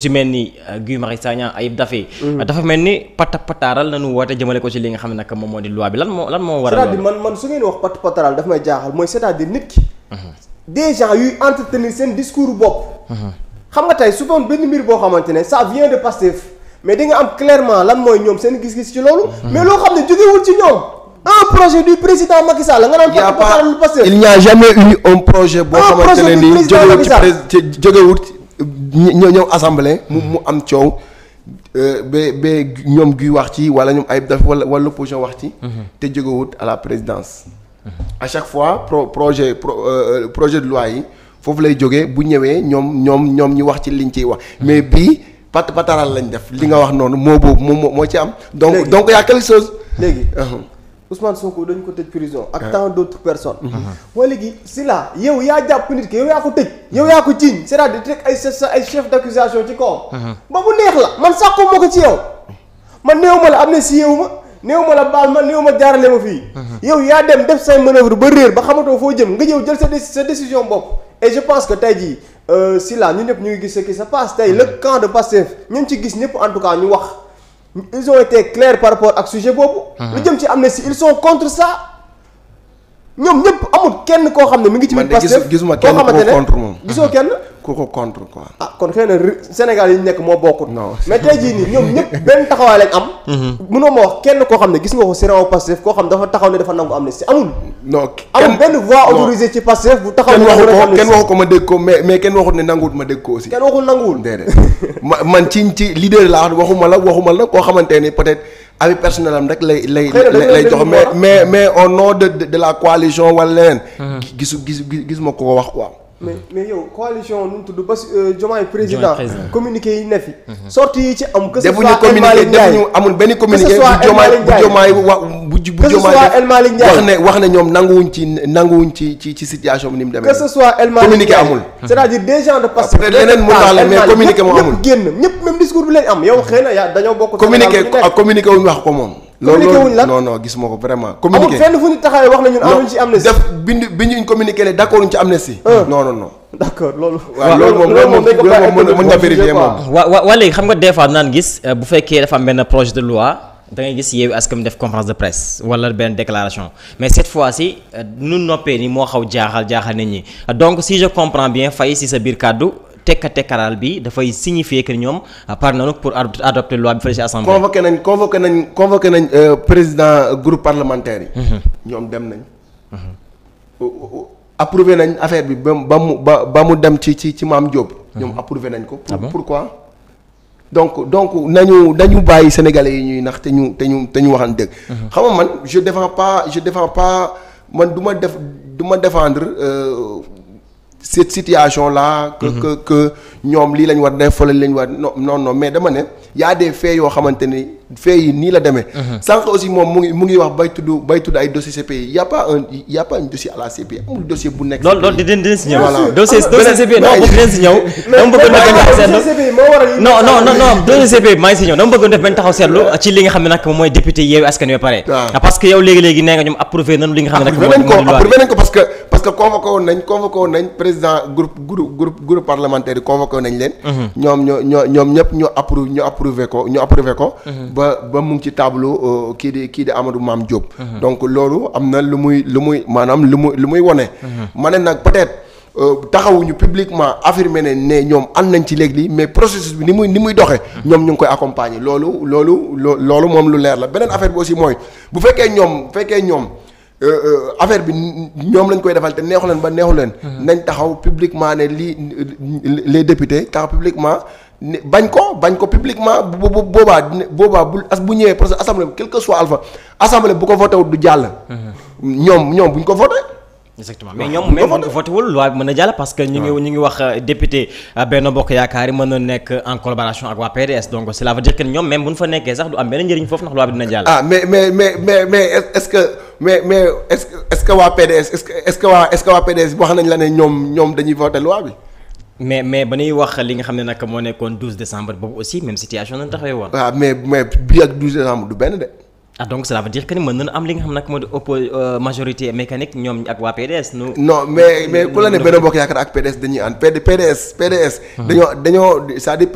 ci mel ni euh, Guy Marius Sagna Ayib Daffé mm. dafa mel ni pata pataaral nañu woote jëmale ko ci li nga xam ne nag moom di loi bi lan moo lan moo waral cest à man man su ngeen wax pata pataaral daf may jaaxal mooy cest à nit ki mm-hmm. des yuy entretenir seen discours bopp mm-hmm. xam nga tey su doon benn mbir boo xamante ne vient de Pastef mais di nga am clairement lan mooy ñoom seen gis-gis ci loolu mm-hmm. mais loo xam ne jógewul ci ñoom un projet du président a jamais ñëw ñëw assemblée. mu mu am coow. Euh, ba ba ñoom guy wax ci wala ñoom ay daf wala wala l'opposition wax ci. te jógewut à la présidence. à chaque fois pro projet pro euh, euh, projet de loi yi foofu lay jógee bu ñëwee ñoom ñoom ñoom ñu wax ci liñ ciy wax mais mm-hmm. bii pat pataral lañ def li nga wax noonu moo boobu moo moo ci am. donc donc y quelque chose léegi. Uh-huh. Ousmane Sonko dañ ko tëj prison ak eh. tant d' autres personnes. moo mhm. mhm. léegi si yow yaa jàpp nit ki yow yaa ko tëj. yow yaa ko jiiñ c' est à dire ay sa ay chef d' ci kawam. Mhm. ba mu neex la man sàkku ma ko ci yow. man néew ma la am ne si yow ma neew ma la baal ma néew ma jaaralee ma fii. yow yaa dem def say manœuvre ba réer ba xamatoo foo jëm nga ñëw jël sa sa décision bopp. et je pense que tey jii euh, si la ñu ñëpp ñu gis ce qui se passe tey le camp de Pastef ñun gis ñëpp en tout cas ñu wax. ils ont été clairs par rapport ak sujet boobu. lu jëm si am na si ils sont contre sa ñoom ñëpp amul kenn koo xam ne mu ngi ci biir Pastef. man de gisuma kenn koo contre moom gisoo kenn. ku ko contre quoi. Ah, kon xëy na Sénégal yi nekk moo bokkut. non mais tey jii nii ñoom ñëpp benn taxawaay lañ am. Mm-hmm. mënoo ma wax kenn koo xam ne gis nga ko Sénégal Pastef koo xam dafa taxaw ne dafa nangu amnistie amul. non amul benn voix autorisée ci Pastef bu taxaw ne nangu amnistie kenn waxu ko ma dégg ko mais mais kenn waxut ne nanguwut ma dégg ko aussi. kenn waxul nanguwul. ma man ci ci leader laa waxuma la waxuma la koo xamante ne peut-être. avis personnel am rek lay lay lay jox mais mais mais au nom de de mm-hmm. gis gisuma ko wax quoi. mais mais yow coalition nu mu tudd ba euh, Diomaye président communiqué yi ne fi. Mhm. sorti yi ci am. que ce soit El Malick Ndiaye defuñu amul benn communiqué bu Diomaye bu wa wax ne wax ne ñoom nanguwuñ ci nanguwuñ ci ci ci situation bi ni mu demee. que ce soit El Malick communiqué amul. c'est-à-dire des gens de passé. peut être naa la mais communiqué moom amul génn ñëpp même discours bi lañ am yow xëy na yaa dañoo bokk. communiqué communiqué wuñ wax ko moom. communiqué wuñ lan non non gis ma ko vraiment. communiqué amul fenn fu ñu taxawee wax na ñun amuñ ci amnistie. def bind bi ñu communiqué ne d' accord ñu ci amnistie. Euh. non non non. d' accord loolu. loolu moom loolu moom loolu moom nga vérifier moom. wa wa léegi xam nga des fois naan gis euh, bu fekkee dafa am benn projet de loi da ngay gis Yewwi Askan def conférence de presse wala benn déclaration mais cette fois si euh, nu noppee ni moo xaw jaaxal jaaxal nit ñi donc si je comprends bien Faye si sa biir kàddu tekka tekkaaral bi dafay signifier que ñoom ah, par nañu pour adopter loi bi fële ci assemblée. convoqué nañ convoqué nañ convoqué nañ euh, président groupe parlementaire yi. Mm-hmm. ñoom dem nañ. Mm-hmm. approuvé nañ affaire bi ba mu ba ba mu dem ci ci ci maam Diop. Mm-hmm. ñoom approuvé nañ ko. Ah pourquoi. donc donc nañu dañu bàyyi sénégalais yi ñuy nax te ñu te ñu te ñu waxan dëgg. xam nga man je défends pas je défends pas man du ma def du défendre. Euh, cette situation là. que mm-hmm. que que ñoom lii lañ war def fële lañ war non non non mais dama ne y a des faits yoo xamante ni faits yi nii la demee. Mm-hmm. sànq aussi moom mu ngi mu ngi wax bay tudd bay tudd ay dossier CPI y a pas un y a pas un dossier à la CPI amul dossier bu nekk. loolu loolu di dinañ si ñëw. voilà dossier ah, dossier CPI non bëgg dinañ si ñëw. dama bëgg def benn taxaw seetlu non non non non dossier CPI maa ngi si ñëw dama bëgg def benn taxaw seetlu ci li nga xam ne nag moom mooy député Yewwi Askan Wi ba pare. Ah, parce que yow léegi léegi nee nga ñoom approuvé nañu li nga xam ne nag. mooy mooy loi bi approuvé nañ ko parce que parce que convoqué woon nañ convoqué woon nañ président groupe groupe groupe groupe parlementaire yi convoqué nañ leen. Mhm. ñoom ñoo ñoo ñoom ñëpp ñu approuvé ñu approuvé ko ñu approuvé ko. Mhm. ba ba mu ngi ci tableau euh, kii di kii di Amadou Mame Diop. Mhm. donc loolu am na lu muy lu muy maanaam lu muy lu muy wone. ma ne nag peut-être. Euh, taxawuñu publiquement affirme ne ne ñoom ànd nañ ci léegi lii mais processus bi ni muy ni muy doxee. ñoom ñu ngi koy accompagner loolu loolu loo loolu moom lu leer la beneen affaire aussi mooy bu fekkee ñoom bu fekkee ñoom. Euh, euh, affaire bi ñoom lañ koy defal te neexu leen ba neexu leen. Mmh. nañ taxaw publiquement ne lii les députés taxaw publiquement bañ ko bañ ko publiquement bu boobaa boobaa bu as bu ñëwee parce que assemblée quel que soit alpha assemblée bu ko voté wut du jàll. Mmh. ñoom ñoom buñ ko voté. exactement mais ñoom même mën nga voté wul loi bi mën a jàll parce que ñu ngi ñu ngi wax euh, député euh, Benno Bokk Yaakaar na ah, mais mais mais mais mais bi mais mais ba ñuy wax li nga xam ne nag moo nekkoon 12 décembre boobu aussi même situation lañ taxawee woon waaw ah, mais mais bi ak 12 du benn de ah donc cela veut dire que ni mën nañu am li nga xam nag moo di oppo euh, majorité mécanique ñoom ak waa PDS. nu non mais mais ku la ne benn bokk yaakaar ak PDS dañuy ànd PDS hmm. dañoo dañoo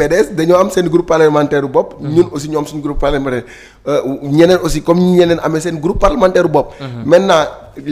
PDS dañoo am seen groupe parlementaire bopp. Hmm. ñun aussi ñoo am suñu groupe parlementaire euh, ñeneen aussi comme ñeneen amee seen groupe parlementaire bopp. Hmm. maintenant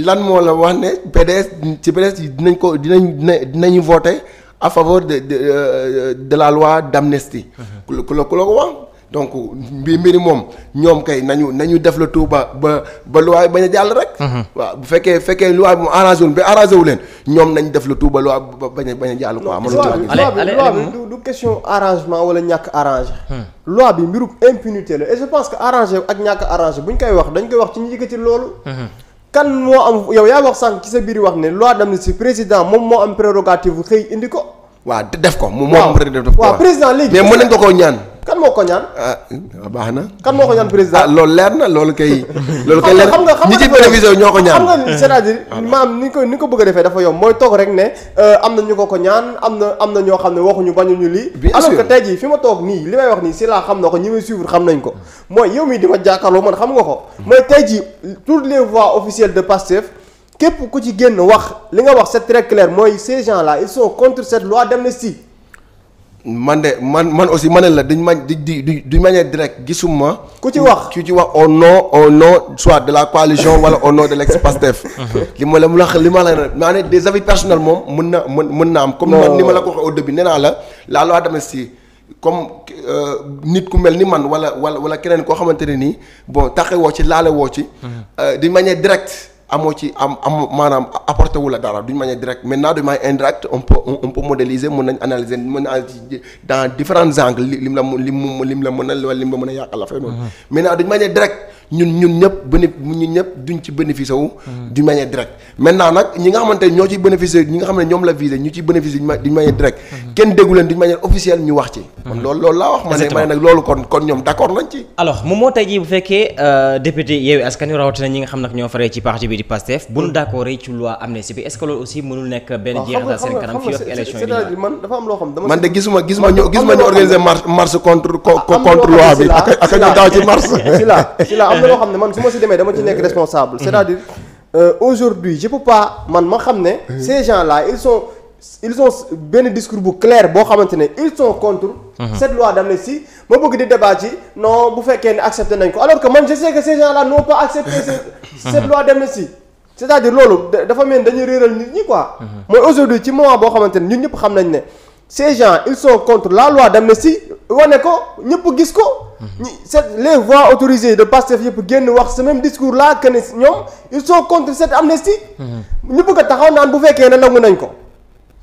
lan moo la wax ne PDS ci PDS dinañ ko dinañ dinañ dinañu voter à favor de de euh, de la loi d'amnistie. ku la ku la ko wax. donc mbir mbiri moom ñoom kay nañu nañu def la tout ba ba ba luwaay bañ a jàll rek. Mhm. waaw bu fekkee fekkee luwaay bi mu arrangé wul wu leen ñoom nañ def la tout ba luwaay ba bañ a jàll quoi. mënul ci du question wala ñàkk arrangé. Hmm. loi bi mbirum impunité la pense que arrangé ak ñàkk arrangé buñ koy wax dañ koy wax ci ñi hmm. kan moo am yow yaa wax sànq ci sa biir wax ne loi d'amnistie président moom moo am prérogative xëy indi ko. waaw def ko moom. waaw moom président def ko waaw président léegi mais mën nañ ko koo ñaan. moo ko ñaan. ah baax na. kan moo ko ñaan président ah leer na loolu kay. loolu kay leer ñi ci prévision ñoo ko ñaan. xam nga c'est-à-dire ah, ni ko ni ko bëgg a defee dafa yomb mooy toog rek ne euh, am na ñu ko ko ñaan am na am na ñoo xam ne waxuñu bañuñu lii. bien sûr tey fi ma toog nii li may wax nii si laa xam na ko ñi may suivre xam nañ ko mooy yow mii di ma jàkkaarloo man xam nga ko. mooy tey jii toutes les voix officielles de Pastef. képp ku ci génn wax li nga wax c'est très clair mooy ces gens là ils sont man de man man aussi man ne la duñ ma di di duñ manière direct gisuma. ku ci wax ku ci wax au nom au nom soit de la coalition wala au nom de l'ex-Pastef. li ma la ma la li ma la maa ne des avis personnels moom mën na mën mën na am. comme ni ma la ko waxee au début nee naa la la loi d'amnistie comme euh, nit ku mel ni man wala wala wala keneen koo xamante ne nii bon taxewoo ci laale woo ci. Mhm. Euh, di manière direct amoo ci am am maanaam apporté wu la dara d'une manière directe maintenant de manière indirecte on peut on peut modéliser mën nañ analyser mën na dans différents angles li lim la lim lim la mën a lim la mën a yàqal la fay noonu mm-hmm. maintenant d'une manière directe ñun ñun ñëpp béné ñun ñëpp duñ ci bénéficié wu. Mm. d'une manière directe maintenant nag ñi nga xamante ñoo ci bénéficié ñi nga xam ne ñoom la visé ñu ciy bénéficié d'une mm-hmm. ñu wax ci. kon mm-hmm. loolu laa wax. ma ne nag loolu kon ñoom d'accord nañ ci. alors moom moo tey jii bu fekkee euh, député Yewwi Askan Wi rawatina ñi nga xam nag ñoo faree ci parti bi di Pastef bu ñu mm. d'accord ci loi amnistie bi est-ce que loolu aussi mënul nekk benn jeexital seen kanam fii ak man de gisuma gisuma ñu gisuma am xam ne man su ma si demee dama ci nekk responsable cest a dire euh, aujourd'hui je peux pas man ma xam ne ces gens là ils sont ils ont benn discours bu clair boo xamante ne ils sont contre mhm. cette loi d'amnistie ma bëgg di débat ci non bu fekkee ne accepté nañ ko alors que man je sais que ces gens là n'ont pas accepté mhm. cette loi d'amnistie c'est-à-dire loolu dafa mel dañuy réeral nit ñi quoi mhm. mooy aujourd'hui ci moment boo xamante ne ñun ñëpp xam nañ ne ces gens ils sont contre la loi d'amnistie wane ko ñëpp gis ko. Mhm. set le voix autorisées de Pastef yëpp génn wax ce même discours là que ne ñoom ils sont contre cette amnistie. Mhm. ñu ko taxaw naan bu fekkee ne nangu nañ ko.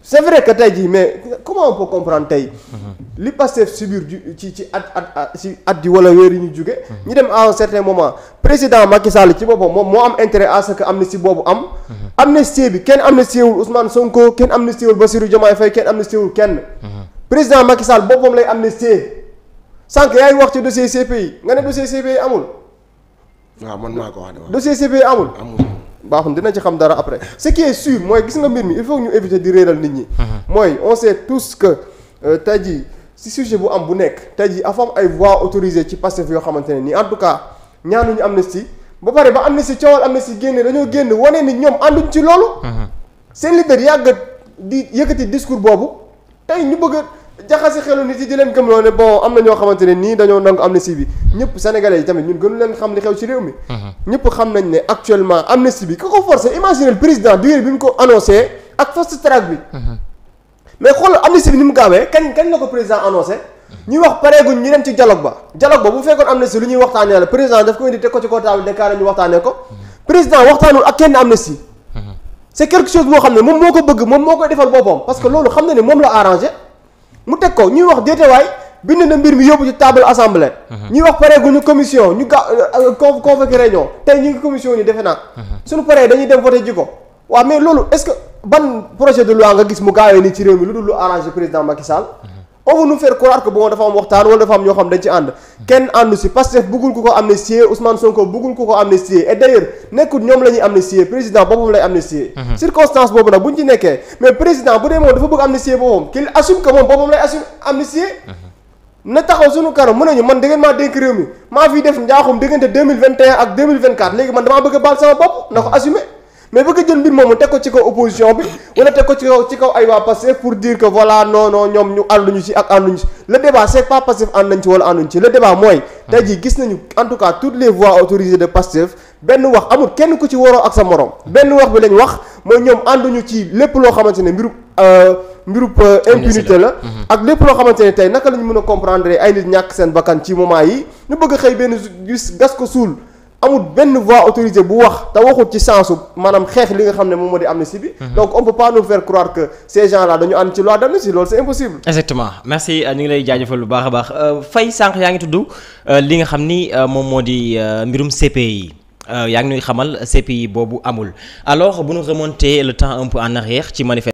c'est vrai que tey jii mais comment on peut tey. Mhm. li Pastef subir ju ci ci at at ci at ji wala weer yi ñu jóge ñu dem à un certain moment président Macky Sall ci boppam moom moo am intérêt à ce que amnistie boobu am. amnistie bi kenn amnistiewul Ousmane Sonko kenn amnistiewul Bassirou Diomaye Faye kenn amnistiewul kenn. président Macky Sall boppam lay amnistie sànq yaay wax ci dossier CPI nga ne dossier CPI amul. waaw man maa ko wax de dossier CPI amul. amul baaxul dina ci xam dara après ce qui est sûr mooy gis nga mbir mi il faut ñu éviter di réeral nit ñi. Mm-hmm. mooy on sait tous que euh, tey jii si sujet bu am bu nekk tey jii afam ay voix autorisées ci Pastef yoo xamante ne nii en tout cas ñaanuñu amnistie ba pare ba amnistie coowal amnistie génne dañoo génn wane ni ñoom ànduñ ci loolu. Mm-hmm. seen leader yàgg di yëkkati discours boobu jaxase xelu nit yi di leen gëmloo ne bon am na ñoo xamante ne nii dañoo nangu amnistie bi ñëpp sénégalais yi tamit ñun gënu xam li xew ci réew mi. Mhm. ñëpp xam nañ ne actuellement amnistie bi ku ko forcé imaginer le président durée bi ñu ko annoncé ak fast track bi. Mhm. mais xool amnistie bi ni mu gaawee kañ kañ la ko président annoncé. Mhm. ñuy wax pareeguñ ñu dem ci dialogue ba dialogue ba bu fekkoon amnistie lu ñuy waxtaanee la président daf ko indi teg ko ñu waxtaanee ko. président waxtaanul ak kenn amnistie. c'est quelque chose moo xam ne moom moo ko bëgg moom moo koy defal boppam na ne moom la mu teg ko ñuy wax déetewaay bind na mbir mi yóbbu ci table assemblée. Uh-huh. ñuy wax pareeguñu commission ñu ga euh, euh, con convoqué réunion tey ñu ngi commission ni defe naa. Uh-huh. suñu paree dañuy dem voté ji ko waaw mais loolu est-ce que ban projet de loi nga gis mu gaawee nii ci réew mi lu dul lu arrangé président Macky Sall. Uh-huh. on veut nous faire croire que bon dafa am waxtaan wala dafa am ñoo xam dañ ci ànd kenn àndu si Pastef bëggul ku ko amnistier Ousmane Sonko bëggul ku ko amnistier et d'ailleurs nekkul ñoom la ñuy président boppam lay amnistier mhm. circonstance boobu nag bu ñu nekkee mais président bu dee moom dafa bëgg amnistier boppam qu'il assume que moom boppam lay assume amnistier mhm. na taxaw suñu kanam mën nañu man da maa dénk mi maa fii def njaaxum diggante ak 2024 léegi mais bëgg a jël mbir moomu teg ko ci kaw opposition bi wala teg ko ci kaw ci kaw ay waa Pastef pour dire que voilà non ñoom ñu ànduñu ci ak ànduñu ci le débat c'est pas Pastef ànd nañ ci wala ànduñu ci le débat mooy tey jii gis nañu en tout cas toutes les voix autorisées de Pastef benn wax amul kenn ku ci waroo ak sa morom benn wax bi lañ wax mooy ñoom ànduñu ci lépp loo xamante ne mbiru euh, mbiru euh, impunité la mhm. ak lépp loo xamante ne tey naka la mën a comprendre ay nit ñàkk seen bakkan ci moment yi ñu bëgg xëy benn gis gas ko suul amut benn voix autorisée bu wax te waxut ci sensu maanaam xeex li nga xam ne moom moo di amnistie bi. Mhm. donc on peut pas nous faire croire que ces gens là dañu ànd ci loi d'amnistie loolu c'est impossible. exactement merci euh, ñu ngi lay jaajëfal lu baax a baax euh, fay sànq yaa ngi tudd euh, li nga xam ni moom moo di mbirum CPI. yaa ngi ñuy xamal CPI boobu amul alors bu ñu remonter le temps un peu en arrière ci manifeste.